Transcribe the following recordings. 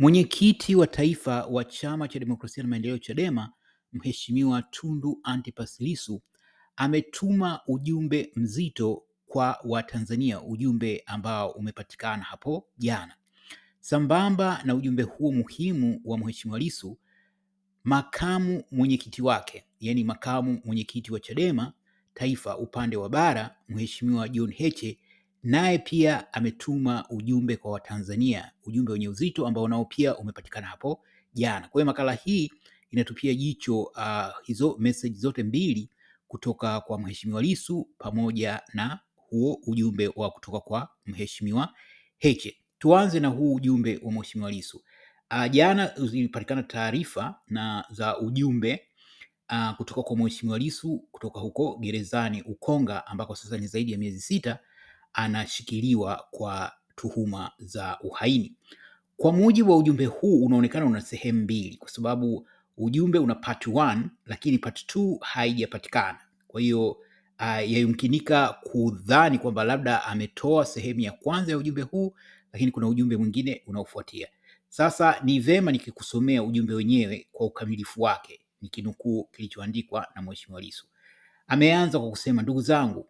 Mwenyekiti wa Taifa wa Chama cha Demokrasia na Maendeleo Chadema, Mheshimiwa Tundu Antipas Lissu ametuma ujumbe mzito kwa Watanzania, ujumbe ambao umepatikana hapo jana. Sambamba na ujumbe huo muhimu wa Mheshimiwa Lissu, makamu mwenyekiti wake, yaani makamu mwenyekiti wa Chadema Taifa upande wa bara, Mheshimiwa John Heche naye pia ametuma ujumbe kwa Watanzania, ujumbe wenye uzito ambao nao pia umepatikana hapo jana. Kwa hiyo makala hii inatupia jicho uh, hizo message zote mbili kutoka kwa Mheshimiwa Lissu pamoja na huo ujumbe wa kutoka kwa Mheshimiwa Heche. Tuanze na huu ujumbe wa Mheshimiwa Lissu. Uh, jana zilipatikana taarifa na za ujumbe uh, kutoka kwa Mheshimiwa Lissu kutoka huko gerezani Ukonga ambako sasa ni zaidi ya miezi sita anashikiliwa kwa tuhuma za uhaini. Kwa mujibu wa ujumbe huu unaonekana una sehemu mbili, kwa sababu ujumbe una part 1 lakini part 2 haijapatikana. Kwa hiyo uh, yayumkinika kudhani kwamba labda ametoa sehemu ya kwanza ya ujumbe huu, lakini kuna ujumbe mwingine unaofuatia. Sasa ni vema nikikusomea ujumbe wenyewe kwa ukamilifu wake, nikinukuu kilichoandikwa na Mheshimiwa Lissu. Ameanza kwa kusema, ndugu zangu,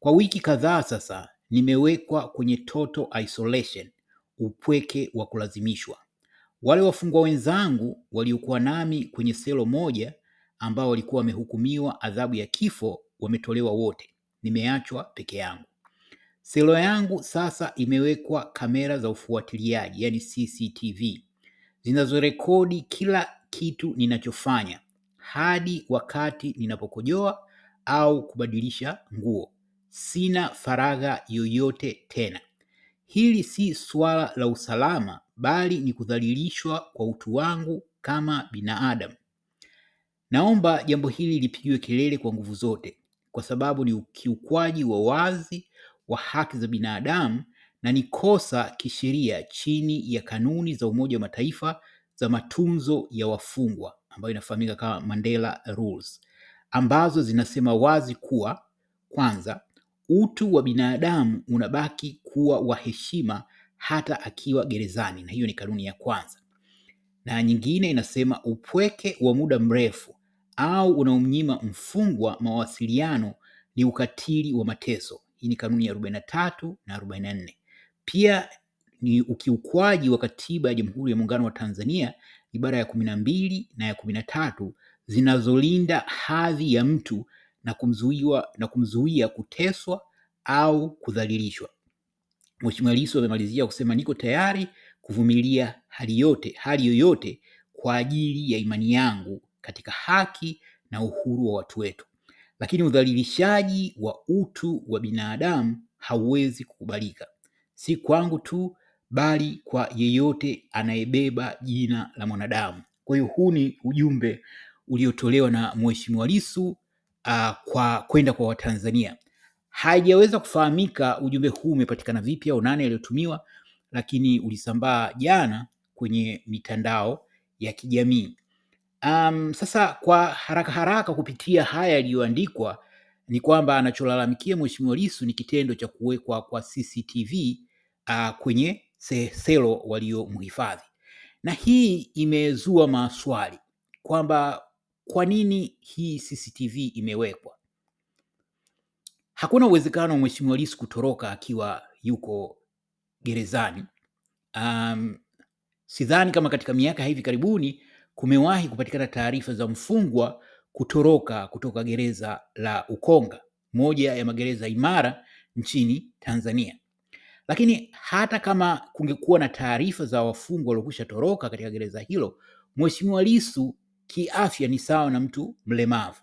kwa wiki kadhaa sasa Nimewekwa kwenye total isolation, upweke wa kulazimishwa. Wale wafungwa wenzangu waliokuwa nami kwenye selo moja ambao walikuwa wamehukumiwa adhabu ya kifo wametolewa wote, nimeachwa peke yangu. Selo yangu sasa imewekwa kamera za ufuatiliaji, yani CCTV zinazorekodi kila kitu ninachofanya hadi wakati ninapokojoa au kubadilisha nguo sina faragha yoyote tena. Hili si suala la usalama, bali ni kudhalilishwa kwa utu wangu kama binadamu. Naomba jambo hili lipigiwe kelele kwa nguvu zote, kwa sababu ni ukiukwaji wa wazi wa haki za binadamu na ni kosa kisheria chini ya kanuni za Umoja wa Mataifa za matunzo ya wafungwa ambayo inafahamika kama Mandela Rules ambazo zinasema wazi kuwa kwanza, utu wa binadamu unabaki kuwa wa heshima hata akiwa gerezani, na hiyo ni kanuni ya kwanza. Na nyingine inasema upweke wa muda mrefu au unaomnyima mfungwa mawasiliano ni ukatili wa mateso. Hii ni kanuni ya arobaini na tatu na arobaini na nne. Pia ni ukiukwaji wa katiba ya Jamhuri ya Muungano wa Tanzania ibara ya kumi na mbili na ya kumi na tatu zinazolinda hadhi ya mtu na kumzuiwa, na kumzuia kuteswa au kudhalilishwa. Mheshimiwa Lissu amemalizia kusema, niko tayari kuvumilia hali yote, hali yoyote kwa ajili ya imani yangu katika haki na uhuru wa watu wetu, lakini udhalilishaji wa utu wa binadamu hauwezi kukubalika, si kwangu tu, bali kwa yeyote anayebeba jina la mwanadamu. Kwa hiyo huu ni ujumbe uliotolewa na Mheshimiwa Lissu uh, kwa kwenda kwa Watanzania. Haijaweza kufahamika ujumbe huu umepatikana vipi au nani aliyotumiwa, lakini ulisambaa jana kwenye mitandao ya kijamii. Um, sasa kwa haraka haraka kupitia haya yaliyoandikwa ni kwamba anacholalamikia Mheshimiwa Lissu ni kitendo cha kuwekwa kwa CCTV uh, kwenye selo waliomhifadhi, na hii imezua maswali kwamba kwa nini hii CCTV imewekwa? Hakuna uwezekano wa Mheshimiwa Lissu kutoroka akiwa yuko gerezani. Um, sidhani kama katika miaka hivi karibuni kumewahi kupatikana taarifa za mfungwa kutoroka kutoka gereza la Ukonga, moja ya magereza imara nchini Tanzania. Lakini hata kama kungekuwa na taarifa za wafungwa waliokwisha toroka katika gereza hilo, Mheshimiwa Lissu kiafya ni sawa na mtu mlemavu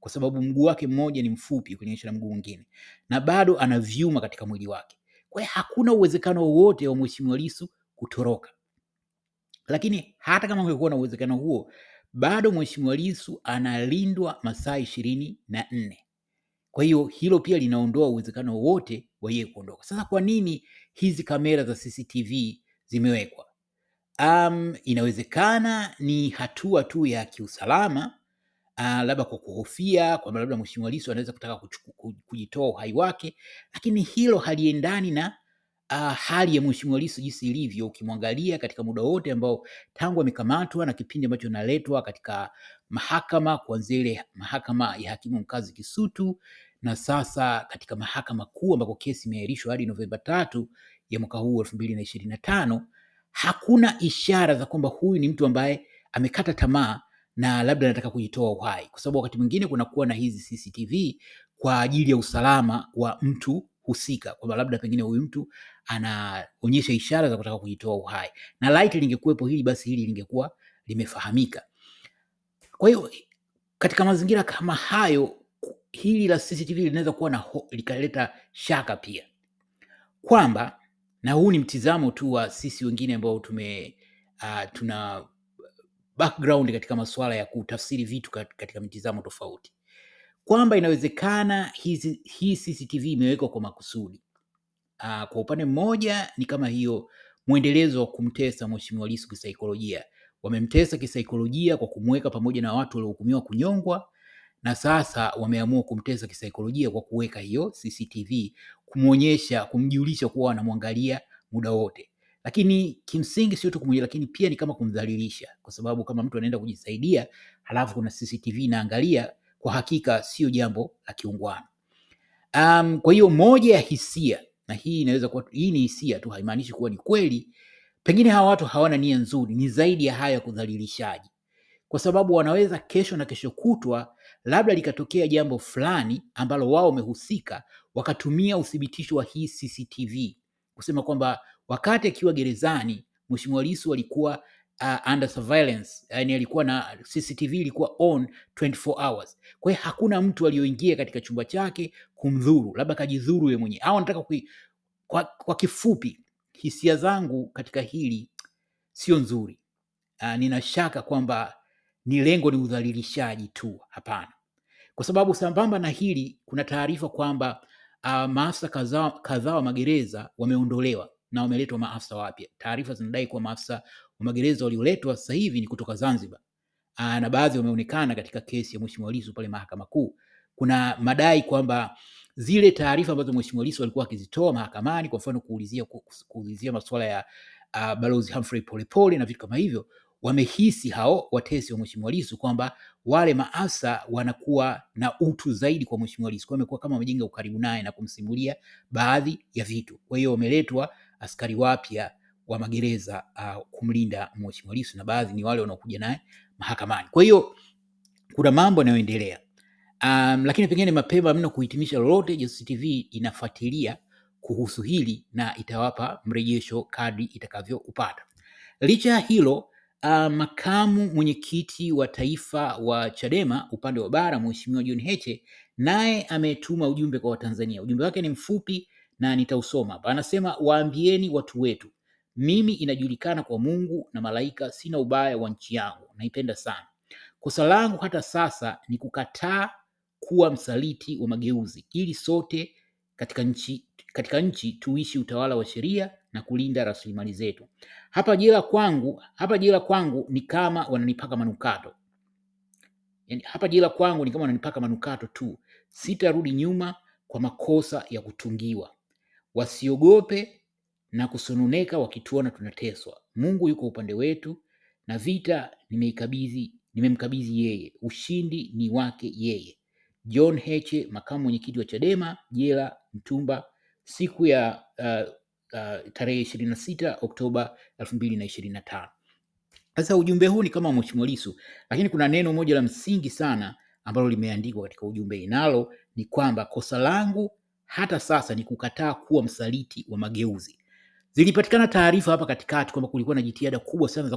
kwa sababu mguu wake mmoja ni mfupi kulinganisha na mguu mwingine na bado ana vyuma katika mwili wake. Kwa hiyo hakuna uwezekano wowote wa Mheshimiwa Lissu kutoroka, lakini hata kama ungekuwa na uwezekano huo, bado Mheshimiwa Lissu analindwa masaa ishirini na nne. Kwa hiyo hilo pia linaondoa uwezekano wote wa yeye kuondoka. Sasa kwa nini hizi kamera za CCTV zimewekwa? Um, inawezekana ni hatua tu ya kiusalama uh, labda kwa kuhofia kwamba labda Mheshimiwa Lissu anaweza kutaka kujitoa uhai wake, lakini hilo haliendani na uh, hali ya Mheshimiwa Lissu jinsi ilivyo. Ukimwangalia katika muda wote ambao tangu amekamatwa na kipindi ambacho naletwa katika mahakama kuanzia ile mahakama ya hakimu mkazi Kisutu na sasa katika mahakama kuu ambako kesi imeahirishwa hadi Novemba tatu ya mwaka huu elfu mbili na ishirini na tano hakuna ishara za kwamba huyu ni mtu ambaye amekata tamaa na labda anataka kujitoa uhai, kwa sababu wakati mwingine kunakuwa na hizi CCTV kwa ajili ya usalama wa mtu husika, kwamba labda pengine huyu mtu anaonyesha ishara za kutaka kujitoa uhai, na laiti lingekuwepo hili, basi hili lingekuwa limefahamika. Kwa hiyo katika mazingira kama hayo, hili la CCTV linaweza kuwa na likaleta shaka pia kwamba na huu ni mtizamo tu wa sisi wengine ambao tume uh, tuna background katika masuala ya kutafsiri vitu katika mtizamo tofauti, kwamba inawezekana hizi, hii CCTV imewekwa kwa makusudi. Uh, kwa upande mmoja ni kama hiyo mwendelezo wa kumtesa Mheshimiwa lisu kisaikolojia. Wamemtesa kisaikolojia kwa kumweka pamoja na watu waliohukumiwa kunyongwa, na sasa wameamua kumtesa kisaikolojia kwa kuweka hiyo CCTV kumwonyesha, kumjulisha kuwa wanamwangalia muda wote. Lakini kimsingi sio tu kumwonyesha, lakini pia ni kama kumdhalilisha, kwa sababu kama mtu anaenda kujisaidia halafu kuna CCTV inaangalia, kwa hakika sio jambo la kiungwana. Um, kwa hiyo moja ya hisia na hii inaweza kuwa hii ni hisia tu, haimaanishi kuwa ni kweli. Pengine hawa watu hawana nia nzuri, ni zaidi ya haya ya kudhalilishaji kwa sababu wanaweza kesho na kesho kutwa labda likatokea jambo fulani ambalo wao wamehusika, wakatumia uthibitisho wa hii CCTV kusema kwamba wakati akiwa gerezani Mheshimiwa Lissu alikuwa uh, under surveillance, yani alikuwa na CCTV ilikuwa on 24 hours. Kwa hiyo hakuna mtu aliyoingia katika chumba chake kumdhuru, labda kajidhuru yeye mwenyewe au anataka kui... kwa, kwa kifupi, hisia zangu katika hili sio nzuri. Uh, nina shaka kwamba ni lengo ni udhalilishaji tu? Hapana, kwa sababu sambamba na hili kuna taarifa kwamba uh, maafisa kadhaa wa magereza wameondolewa na wameletwa maafisa wapya. Taarifa zinadai kuwa maafisa wa magereza walioletwa sasa hivi ni kutoka Zanzibar, uh, na baadhi wameonekana katika kesi ya Mheshimiwa Lissu pale Mahakama Kuu. Kuna madai kwamba zile taarifa ambazo Mheshimiwa Lissu alikuwa akizitoa mahakamani, kwa mfano kuulizia, kuulizia masuala ya uh, Balozi Humphrey Polepole na vitu kama hivyo wamehisi hao watesi wa Mheshimiwa Lissu kwamba wale maafisa wanakuwa na utu zaidi kwa Mheshimiwa Lissu. Kwa imekuwa kama wamejenga ukaribu naye na kumsimulia baadhi ya vitu. Kwa hiyo wameletwa askari wapya wa magereza uh, kumlinda Mheshimiwa Lissu na baadhi ni wale wanaokuja naye mahakamani. Kwa hiyo kuna mambo yanayoendelea. Um, lakini pengine mapema mno kuhitimisha lolote, Jasusi TV inafuatilia kuhusu hili na itawapa mrejesho kadri itakavyoupata. Licha ya hilo Uh, makamu mwenyekiti wa taifa wa Chadema upande wa bara Mheshimiwa John Heche naye ametuma ujumbe kwa Watanzania. Ujumbe wake ni mfupi na nitausoma hapa. Anasema, waambieni watu wetu, mimi inajulikana kwa Mungu na malaika, sina ubaya wa nchi yangu, naipenda sana. Kosa langu hata sasa ni kukataa kuwa msaliti wa mageuzi, ili sote katika nchi, katika nchi tuishi utawala wa sheria na kulinda rasilimali zetu. Hapa jela kwangu, hapa jela kwangu ni kama wananipaka manukato. Yaani hapa jela kwangu ni kama wananipaka manukato tu. Sitarudi nyuma kwa makosa ya kutungiwa. Wasiogope na kusononeka wakituona tunateswa. Mungu yuko upande wetu, na vita nimeikabidhi, nimemkabidhi yeye. Ushindi ni wake yeye. John Heche, makamu mwenyekiti wa Chadema, jela Mtumba, siku ya uh, uh, tarehe 26 Oktoba 2025. Sasa ujumbe huu ni kama Mheshimiwa Lissu, lakini kuna neno moja la msingi sana ambalo limeandikwa katika ujumbe, inalo ni kwamba kosa langu hata sasa ni kukataa kuwa msaliti wa mageuzi. Zilipatikana taarifa hapa katikati kwamba kulikuwa na jitihada kubwa sana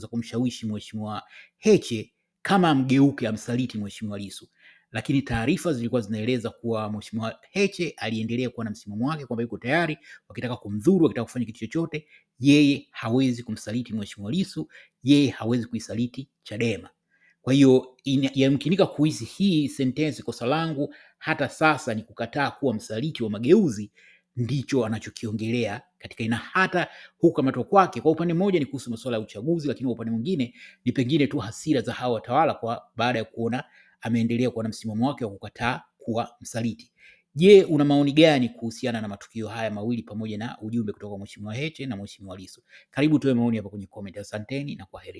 za kumshawishi Mheshimiwa Heche kama amgeuke, amsaliti Mheshimiwa Lissu, lakini taarifa zilikuwa zinaeleza kuwa Mheshimiwa Heche aliendelea kuwa na msimamo wake kwamba yuko tayari, wakitaka kumdhuru, wakitaka kufanya kitu chochote, yeye hawezi kumsaliti Mheshimiwa Lissu, yeye hawezi kuisaliti Chadema. Kwa hiyo yamkinika kuhisi hii sentensi, kosa langu hata sasa ni kukataa kuwa msaliti wa mageuzi, ndicho anachokiongelea katika ina hata hukamatwa kwake. Kwa upande mmoja ni kuhusu masuala ya uchaguzi, lakini kwa upande mwingine ni pengine tu hasira za hawa watawala kwa baada ya kuona ameendelea kuwa na msimamo wake wa kukataa kuwa msaliti. Je, una maoni gani kuhusiana na matukio haya mawili pamoja na ujumbe kutoka kwa Mheshimiwa Heche na Mheshimiwa Lissu? Karibu tuwe maoni hapa kwenye comment. Asanteni na kwaheri.